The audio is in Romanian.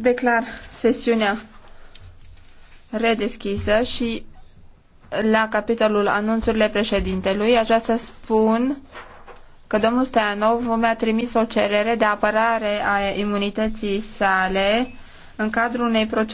Declar sesiunea redeschisă și la capitolul anunțurile președintelui aș vrea să spun că domnul Steanov mi-a trimis o cerere de apărare a imunității sale în cadrul unei proceduri